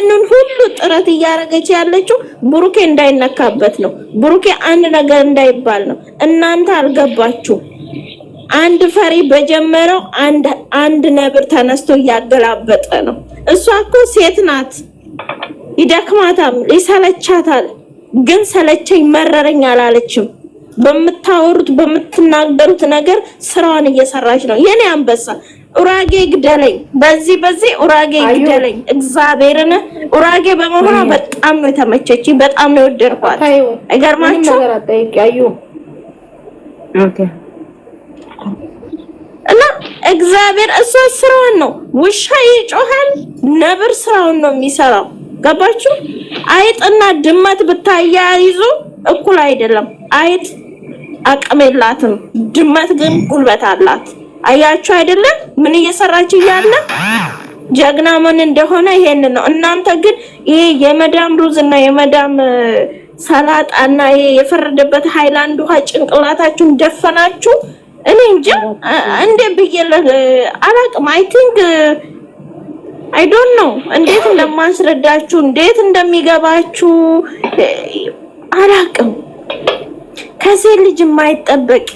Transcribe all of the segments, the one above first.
ያንን ሁሉ ጥረት እያደረገች ያለችው ብሩኬ እንዳይነካበት ነው። ብሩኬ አንድ ነገር እንዳይባል ነው። እናንተ አልገባችሁ። አንድ ፈሪ በጀመረው አንድ አንድ ነብር ተነስቶ እያገላበጠ ነው። እሷ እኮ ሴት ናት፣ ይደክማታም፣ ይሰለቻታል። ግን ሰለቸኝ መረረኝ አላለችም። በምታወሩት በምትናገሩት ነገር ስራዋን እየሰራች ነው። የኔ አንበሳ ኡራጌ ግደለኝ፣ በዚህ በዚህ ኡራጌ ግደለኝ። እግዚአብሔርን ኡራጌ በመሆኗ በጣም ነው የተመቸች፣ በጣም ነው የወደድኳት። አይገርማችሁ እና እግዚአብሔር እሷ ስራውን ነው። ውሻ ይጮሃል፣ ነብር ስራውን ነው የሚሰራው። ገባችሁ? አይጥና ድመት ብታያይዙ እኩል አይደለም። አይጥ አቅም የላትም፣ ድመት ግን ጉልበት አላት። አያችሁ አይደለም ምን እየሰራች እያለ ጀግና ምን እንደሆነ ይሄን ነው። እናንተ ግን ይሄ የመዳም ሩዝ እና የመዳም ሰላጣ እና ይሄ የፈረደበት ሃይላንድ ውሃ ጭንቅላታችሁን ደፈናችሁ። እኔ እንጂ እንዴ ብዬ አላቅም። አይ ቲንክ አይ ዶንት ኖ እንዴት እንደማስረዳችሁ እንዴት እንደሚገባችሁ አላቅም። ከሴት ልጅ የማይጠበቅ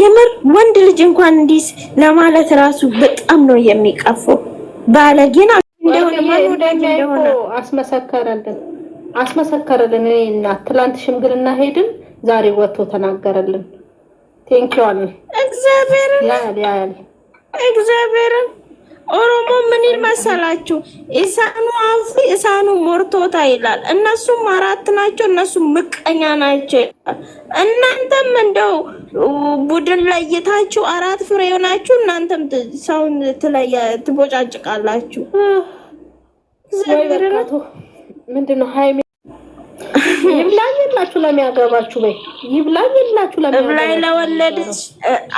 የምር ወንድ ልጅ እንኳን እንዲህ ለማለት ራሱ በጣም ነው የሚቀፈው። ባለጌና እንደሆነ ማንወዳጅ እንደሆነ አስመሰከረልን አስመሰከረልን። እኔ እና ትላንት ሽምግልና ሄድን፣ ዛሬ ወጥቶ ተናገረልን። ቴንኪዋል እግዚአብሔርን ያል ያል እግዚአብሔርን ኦሮሞ ምን ይል መሰላችሁ? ኢሳኑ አፉ ኢሳኑ ሞርቶታ ይላል። እነሱም አራት ናቸው። እነሱም ምቀኛ ናቸው ይላል። እናንተም እንደው ቡድን ለይታችሁ አራት ፍሬ ሆናችሁ እናንተም ሰውን ትለየ ትቦጫጭቃላችሁ። ምንድን ነው ሀይሚ ይብላችሁ ለሚያገባችሁ በይ ይብላኝ ይብላችሁ ለሚያገባችሁ እብላኝ ለወለደች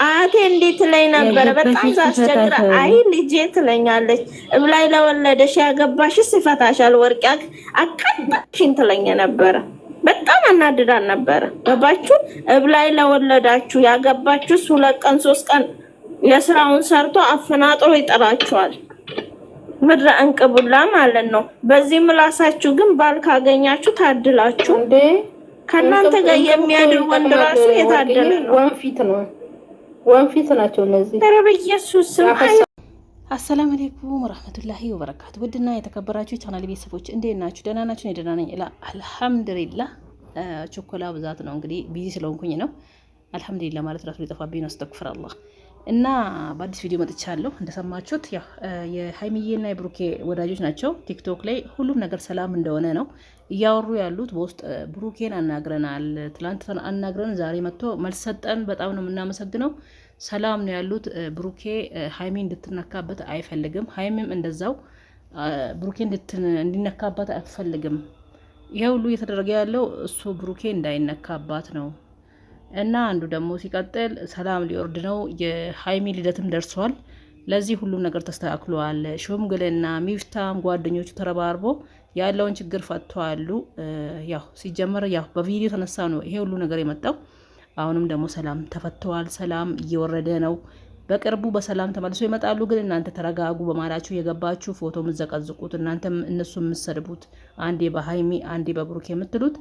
አያቴ እንዲህ ትለኝ ነበረ። በጣም ሳስቸግራ አይ ልጄ ትለኛለች። እብላኝ ለወለደሽ ያገባሽ ሲፈታሻል ወርቅ አቀባሽን ትለኝ ነበረ። በጣም አናድዳን ነበረ። ገባችሁ? እብላኝ ለወለዳችሁ ያገባችሁስ ሁለት ቀን ሶስት ቀን የስራውን ሰርቶ አፈናጥሮ ይጠላችኋል። ምድረ እንቅቡላ ማለት ነው። በዚህ ምላሳችሁ ግን ባል ካገኛችሁ ታድላችሁ እንዴ! ከእናንተ ጋር የሚያድር ወንድ ራሱ የታደለ ነው። ወንፊት ነው ወንፊት ናቸው እነዚህ። ኧረ በኢየሱስ ስም አሰላም አለይኩም ወራህመቱላሂ ወበረካቱ። ውድና የተከበራችሁ ቻናል ቤተሰቦች እንዴት ናችሁ? ደህና ናችሁ? እኔ ደህና ነኝ ላ አልሐምዱሊላህ። ቾኮላ ብዛት ነው እንግዲህ ቢዚ ስለሆንኩኝ ነው። አልሐምዱሊላህ ማለት ራሱ ሊጠፋብኝ ነው። አስተኩፍራላህ እና በአዲስ ቪዲዮ መጥቻለሁ። እንደሰማችሁት የሀይሚዬና የብሩኬ ወዳጆች ናቸው። ቲክቶክ ላይ ሁሉም ነገር ሰላም እንደሆነ ነው እያወሩ ያሉት። በውስጥ ብሩኬን አናግረናል፣ ትላንት አናግረን ዛሬ መጥቶ መልስ ሰጠን። በጣም ነው የምናመሰግነው። ሰላም ነው ያሉት። ብሩኬ ሀይሚ እንድትነካበት አይፈልግም፣ ሀይሚም እንደዛው ብሩኬ እንዲነካባት አትፈልግም ይሄ ሁሉ እየተደረገ ያለው እሱ ብሩኬ እንዳይነካባት ነው። እና አንዱ ደግሞ ሲቀጥል ሰላም ሊወርድ ነው፣ የሀይሚ ልደትም ደርሷል። ለዚህ ሁሉም ነገር ተስተካክሏል። ሽምግልና ሚፍታም ጓደኞቹ ተረባርቦ ያለውን ችግር ፈቷሉ። ያው ሲጀመር ያው በቪዲዮ ተነሳ ነው ይሄ ሁሉ ነገር የመጣው። አሁንም ደግሞ ሰላም ተፈተዋል። ሰላም እየወረደ ነው። በቅርቡ በሰላም ተመልሶ ይመጣሉ። ግን እናንተ ተረጋጉ። በማላችሁ የገባችሁ ፎቶ የምዘቀዝቁት እናንተ እነሱ የምሰድቡት አንዴ በሀይሚ አንዴ በብሩክ የምትሉት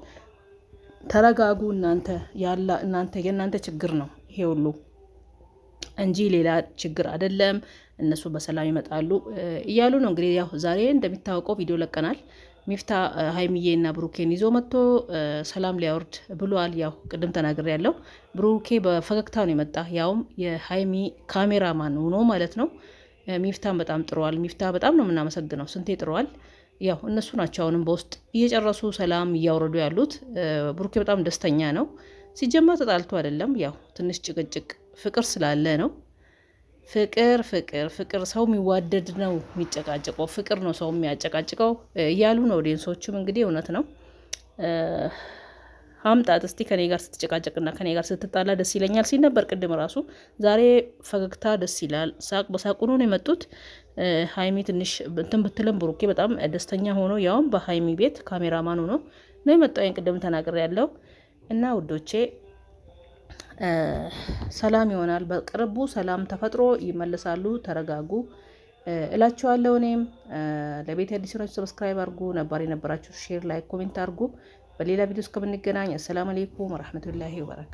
ተረጋጉ እናንተ ያላ እናንተ የእናንተ ችግር ነው ይሄ ሁሉ እንጂ ሌላ ችግር አይደለም። እነሱ በሰላም ይመጣሉ እያሉ ነው። እንግዲህ ያው ዛሬ እንደሚታወቀው ቪዲዮ ለቀናል። ሚፍታ ሀይሚዬ እና ብሩኬን ይዞ መጥቶ ሰላም ሊያወርድ ብሏል። ያው ቅድም ተናግሬ ያለው ብሩኬ በፈገግታ ነው የመጣ ያውም የሀይሚ ካሜራማን ሆኖ ማለት ነው። ሚፍታን በጣም ጥሯል። ሚፍታ በጣም ነው የምናመሰግነው። ስንቴ ጥሯል ያው እነሱ ናቸው አሁንም በውስጥ እየጨረሱ ሰላም እያወረዱ ያሉት። ብሩኬ በጣም ደስተኛ ነው። ሲጀመር ተጣልቶ አይደለም፣ ያው ትንሽ ጭቅጭቅ ፍቅር ስላለ ነው። ፍቅር ፍቅር ፍቅር ሰው የሚዋደድ ነው የሚጨቃጭቀው፣ ፍቅር ነው ሰው የሚያጨቃጭቀው እያሉ ነው ኦዲየንሶቹም። እንግዲህ እውነት ነው። አምጣት እስቲ ከኔ ጋር ስትጨቃጨቅና ከኔ ጋር ስትጣላ ደስ ይለኛል ሲል ነበር ቅድም ራሱ። ዛሬ ፈገግታ ደስ ይላል። ሳቅ በሳቁ ነው የመጡት። ሀይሚ ትንሽ እንትን ብትለም ብሩኬ በጣም ደስተኛ ሆኖ ያውም በሀይሚ ቤት ካሜራማን ሆኖ ነው የመጣው። ይህን ቅድም ተናግሬ ያለው እና ውዶቼ ሰላም ይሆናል። በቅርቡ ሰላም ተፈጥሮ ይመለሳሉ። ተረጋጉ እላችኋለሁ። እኔም ለቤት አዲስ ሆናችሁ ሰብስክራይብ አርጉ ነባር የነበራችሁ ሼር፣ ላይክ፣ ኮሜንት አድርጉ። በሌላ ቪዲዮ እስከምንገናኝ አሰላም አሌይኩም ወረህመቱላሂ ወበረካቱ